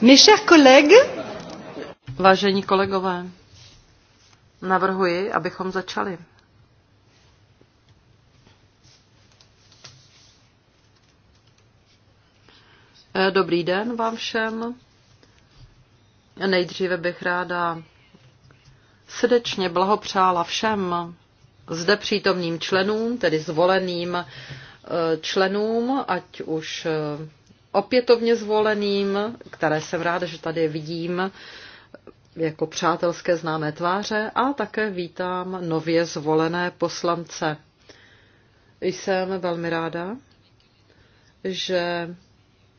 Mes chers collègues, Vážení kolegové, navrhuji, abychom začali. Eh, dobrý den vám všem. Nejdříve bych ráda srdečně blahopřála všem zde přítomným členům, tedy zvoleným eh, členům, ať už eh, opětovně zvoleným, které jsem ráda, že tady vidím jako přátelské známé tváře a také vítám nově zvolené poslance. Jsem velmi ráda, že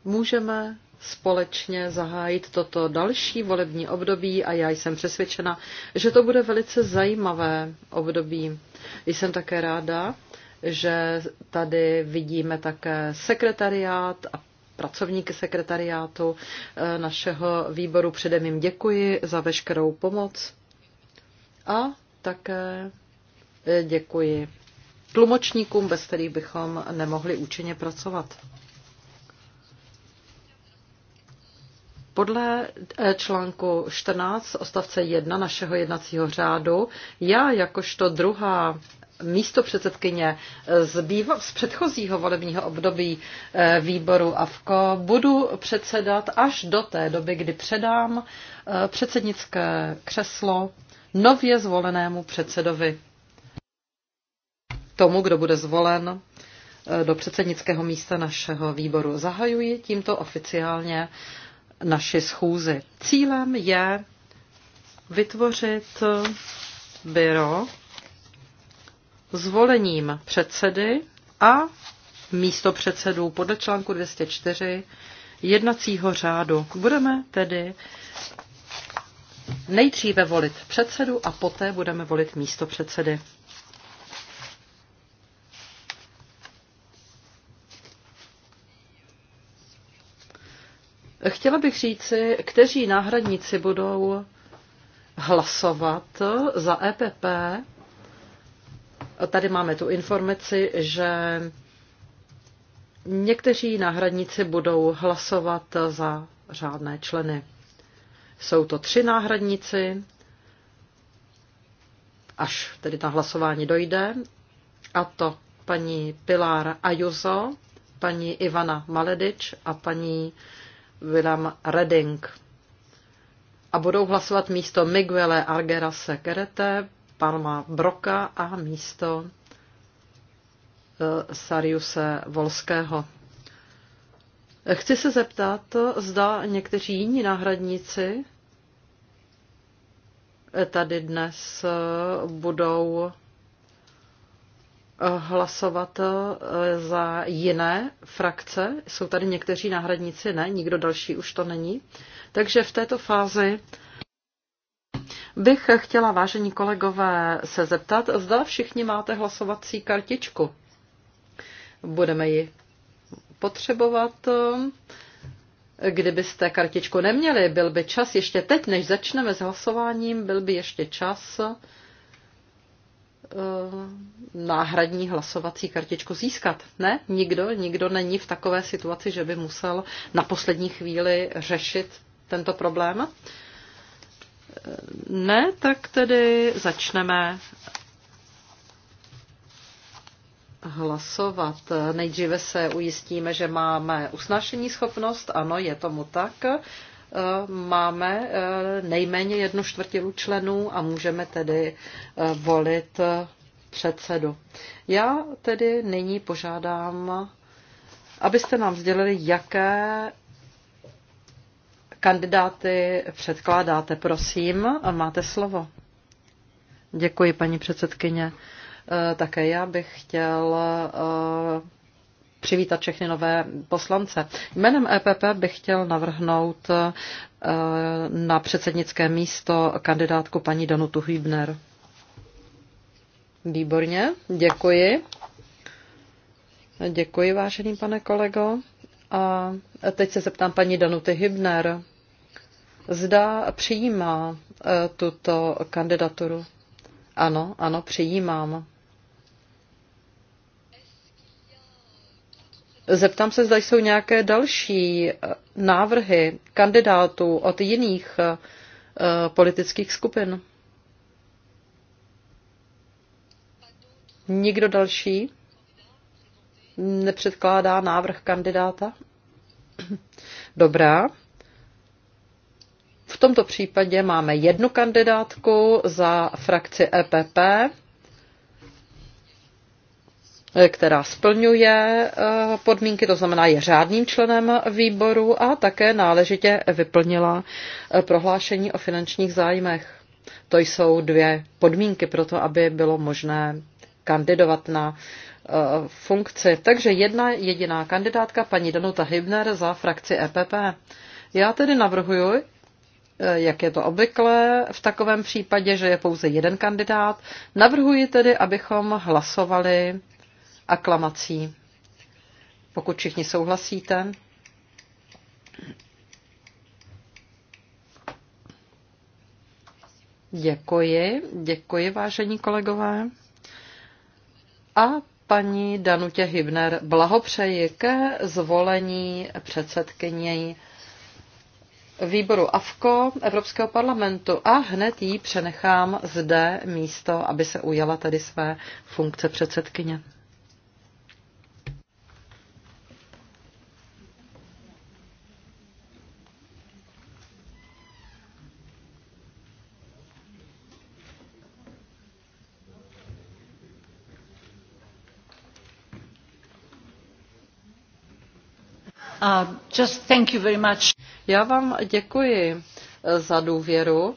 můžeme společně zahájit toto další volební období a já jsem přesvědčena, že to bude velice zajímavé období. Jsem také ráda, že tady vidíme také sekretariát a pracovníky sekretariátu eh, našeho výboru. Předem jim děkuji za veškerou pomoc a také eh, děkuji tlumočníkům, bez kterých bychom nemohli účinně pracovat. Podle eh, článku 14 ostavce 1 našeho jednacího řádu já jakožto druhá místo předsedkyně z, býva, z předchozího volebního období eh, výboru AVKO budu předsedat až do té doby, kdy předám eh, předsednické křeslo nově zvolenému předsedovi. Tomu, kdo bude zvolen eh, do předsednického místa našeho výboru. Zahajuji tímto oficiálně naši schůzi. Cílem je vytvořit byro zvolením předsedy a místo podle článku 204 jednacího řádu. Budeme tedy nejdříve volit předsedu a poté budeme volit místo předsedy. Chtěla bych říci, kteří náhradníci budou hlasovat za EPP Tady máme tu informaci, že někteří náhradníci budou hlasovat za řádné členy. Jsou to tři náhradníci, až tedy ta hlasování dojde, a to paní Pilar Ayuso, paní Ivana Maledič a paní William Redding. A budou hlasovat místo Miguele Argerase Kerete, Palma Broka a místo eh, Sariuse Volského. Chci se zeptat, zda někteří jiní náhradníci tady dnes eh, budou eh, hlasovat za jiné frakce. Jsou tady někteří náhradníci, ne, nikdo další už to není. Takže v této fázi bych chtěla, vážení kolegové, se zeptat, zda všichni máte hlasovací kartičku. Budeme ji potřebovat. Kdybyste kartičku neměli, byl by čas ještě teď, než začneme s hlasováním, byl by ještě čas eh, náhradní hlasovací kartičku získat. Ne, nikdo, nikdo není v takové situaci, že by musel na poslední chvíli řešit tento problém. Ne, tak tedy začneme hlasovat. Nejdříve se ujistíme, že máme usnášení schopnost. Ano, je tomu tak. E, máme e, nejméně jednu čtvrtinu členů a můžeme tedy e, volit předsedu. Já tedy nyní požádám, abyste nám sdělili, jaké Kandidáty předkládáte, prosím, a máte slovo. Děkuji, paní předsedkyně. Eh, také já bych chtěl eh, přivítat všechny nové poslance. Jménem EPP bych chtěl navrhnout eh, na předsednické místo kandidátku paní Danutu Hübner. Výborně, děkuji. Děkuji, vážený pane kolego. A teď se zeptám paní Danuty Hübner, zda přijímá e, tuto kandidaturu. Ano, ano, přijímám. Zeptám se, zda jsou nějaké další e, návrhy kandidátů od jiných e, politických skupin. Nikdo další nepředkládá návrh kandidáta? Dobrá. V tomto případě máme jednu kandidátku za frakci EPP, která splňuje eh, podmínky, to znamená je řádným členem výboru a také náležitě vyplnila eh, prohlášení o finančních zájmech. To jsou dvě podmínky pro to, aby bylo možné kandidovat na eh, funkci. Takže jedna jediná kandidátka, paní Danuta Hybner za frakci EPP. Já tedy navrhuji, Eh, jak je to obvykle v takovém případě, že je pouze jeden kandidát. Navrhuji tedy, abychom hlasovali aklamací. Pokud všichni souhlasíte. Děkuji, děkuji, vážení kolegové. A paní Danutě Hybner blahopřeji ke zvolení předsedkyně výboru AFKO Evropského parlamentu a hned jí přenechám zde místo, aby se ujala tedy své funkce předsedkyně. Uh, just thank you very much já vám děkuji eh, za důvěru,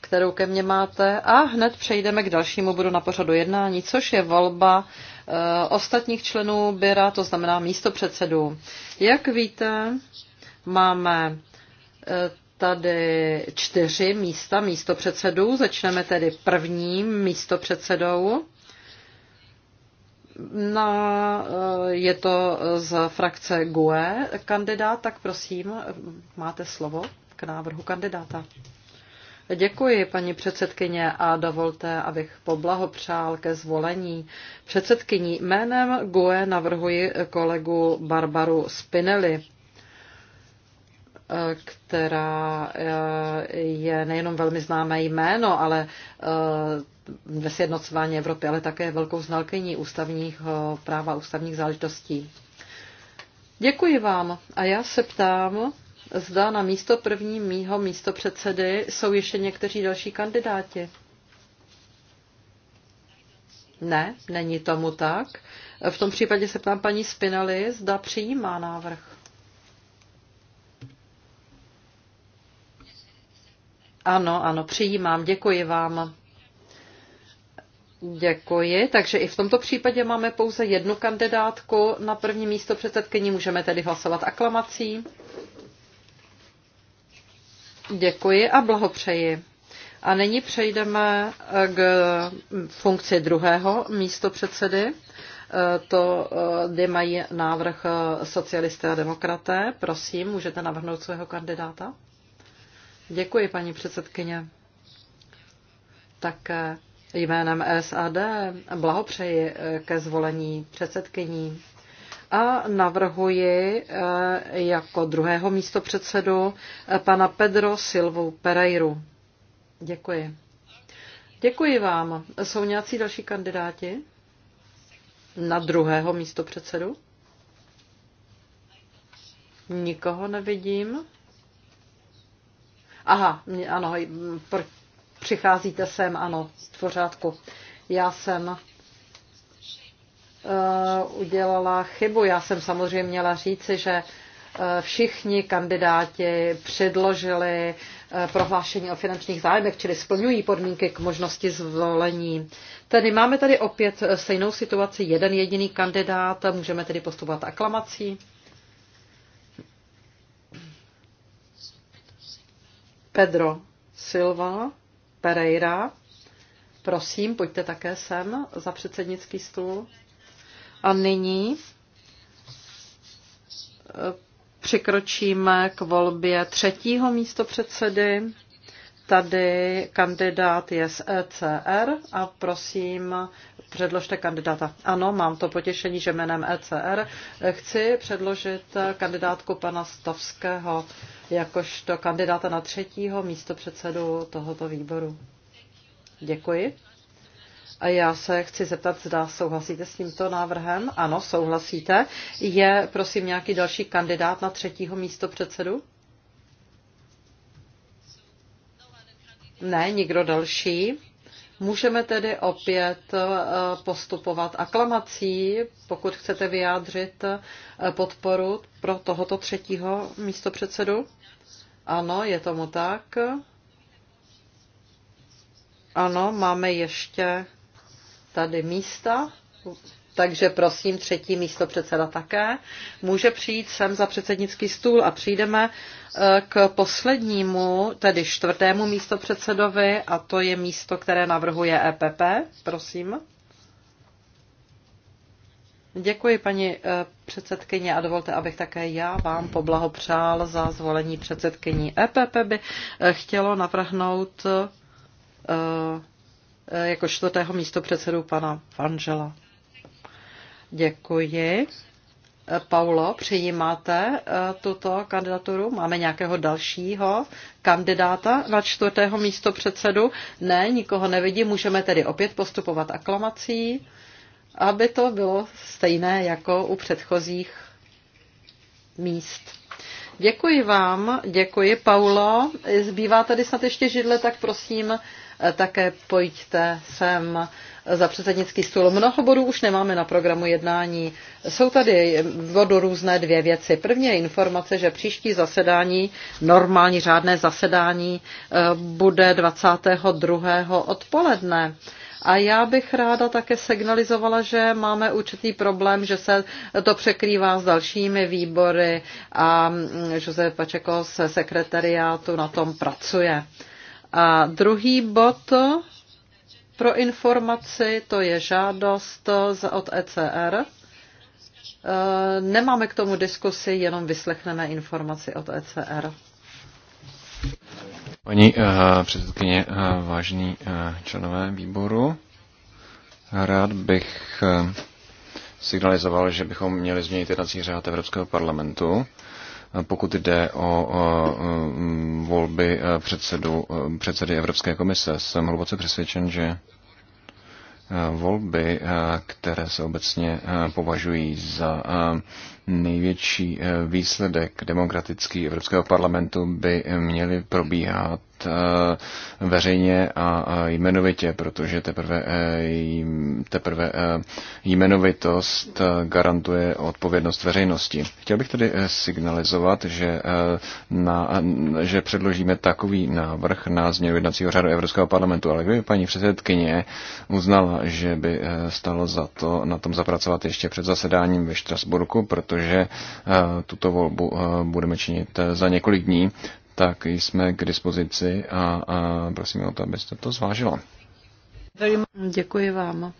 kterou ke mně máte a hned přejdeme k dalšímu bodu na pořadu jednání, což je volba eh, ostatních členů Byra, to znamená místo předsedů. Jak víte, máme eh, tady čtyři místa místo předsedů. Začneme tedy prvním místo předsedou na, eh, je to z frakce GUE kandidát, tak prosím, máte slovo k návrhu kandidáta. Děkuji, paní předsedkyně, a dovolte, abych poblahopřál ke zvolení. Předsedkyní jménem GUE navrhuji kolegu Barbaru Spinelli která eh, je nejenom velmi známé jméno, ale eh, ve sjednocování Evropy, ale také velkou znalkyní ústavních práva, ústavních záležitostí. Děkuji vám a já se ptám, zda na místo první mýho místo předsedy jsou ještě někteří další kandidáti. Ne, není tomu tak. V tom případě se ptám paní Spinali, zda přijímá návrh. Ano, ano, přijímám, děkuji vám. Děkuji. Takže i v tomto případě máme pouze jednu kandidátku na první místo předsedkyní. Můžeme tedy hlasovat aklamací. Děkuji a blahopřeji. A nyní přejdeme k funkci druhého místo předsedy. To, eh, kde mají návrh eh, socialisté a demokraté. Prosím, můžete navrhnout svého kandidáta? Děkuji, paní předsedkyně. Tak eh, jménem SAD blahopřeji eh, ke zvolení předsedkyní a navrhuji eh, jako druhého místo předsedu pana Pedro Silvu Pereiru. Děkuji. Děkuji vám. Jsou nějací další kandidáti na druhého místo předsedu? Nikoho nevidím. Aha, ano, přicházíte sem, ano, z pořádku. Já jsem uh, udělala chybu. Já jsem samozřejmě měla říci, že eh, všichni kandidáti předložili eh, prohlášení o finančních zájmech, čili splňují podmínky k možnosti zvolení. Tedy máme tady opět stejnou situaci, jeden jediný kandidát, můžeme tedy postupovat aklamací. Pedro Silva Pereira. Prosím, pojďte také sem za předsednický stůl. A nyní eh, přikročíme k volbě třetího místo předsedy. Tady kandidát je z ECR a prosím, předložte kandidáta. Ano, mám to potěšení, že jménem ECR chci předložit kandidátku pana Stavského jakožto kandidáta na třetího místo předsedu tohoto výboru. Děkuji. A já se chci zeptat, zda souhlasíte s tímto návrhem? Ano, souhlasíte. Je, prosím, nějaký další kandidát na třetího místo předsedu? Ne, nikdo další. Můžeme tedy opět eh, postupovat aklamací, pokud chcete vyjádřit eh, podporu pro tohoto třetího místopředsedu. Ano, je tomu tak. Ano, máme ještě tady místa takže prosím třetí místo předseda také, může přijít sem za předsednický stůl a přijdeme eh, k poslednímu, tedy čtvrtému místo předsedovi a to je místo, které navrhuje EPP. Prosím. Děkuji, paní eh, předsedkyně, a dovolte, abych také já vám poblahopřál za zvolení předsedkyní. EPP by eh, chtělo navrhnout jako čtvrtého místo předsedu pana Vangela. Děkuji. Paulo, přijímáte eh, tuto kandidaturu? Máme nějakého dalšího kandidáta na čtvrtého místo předsedu? Ne, nikoho nevidím. Můžeme tedy opět postupovat aklamací, aby to bylo stejné jako u předchozích míst. Děkuji vám, děkuji Paulo. Zbývá tady snad ještě židle, tak prosím, eh, také pojďte sem za předsednický stůl. Mnoho bodů už nemáme na programu jednání. Jsou tady vodu různé dvě věci. První je informace, že příští zasedání, normální řádné zasedání, eh, bude 22. odpoledne. A já bych ráda také signalizovala, že máme určitý problém, že se to překrývá s dalšími výbory a mm, Josef Pačeko se sekretariátu na tom pracuje. A druhý bod pro informaci to je žádost od ECR. Eh, nemáme k tomu diskusi, jenom vyslechneme informaci od ECR. Paní uh, předsedkyně, uh, vážení uh, členové výboru, rád bych uh, signalizoval, že bychom měli změnit jednací řád Evropského parlamentu pokud jde o volby eh, předsedu, eh, předsedy Evropské komise. Jsem hluboce přesvědčen, že eh, volby, které se obecně považují za největší výsledek demokratický Evropského parlamentu, by měly probíhat Eh, veřejně a jmenovitě, protože teprve, eh, teprve eh, jmenovitost garantuje odpovědnost veřejnosti. Chtěl bych tedy signalizovat, že, na, že předložíme takový návrh na změnu jednacího řádu Evropského parlamentu, ale kdyby paní předsedkyně uznala, že by stalo za to na tom zapracovat ještě před zasedáním ve Štrasburku, protože tuto volbu budeme činit za několik dní, tak jsme k dispozici a, a prosím o to, abyste to zvážila. Děkuji vám.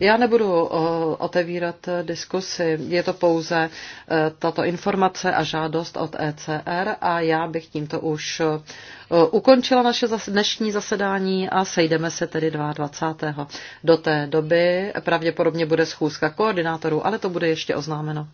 Já nebudu otevírat diskusy, je to pouze e, tato informace a žádost od ECR a já bych tímto už e, ukončila naše dnešní zasedání a sejdeme se tedy 22. Do té doby pravděpodobně bude schůzka koordinátorů, ale to bude ještě oznámeno.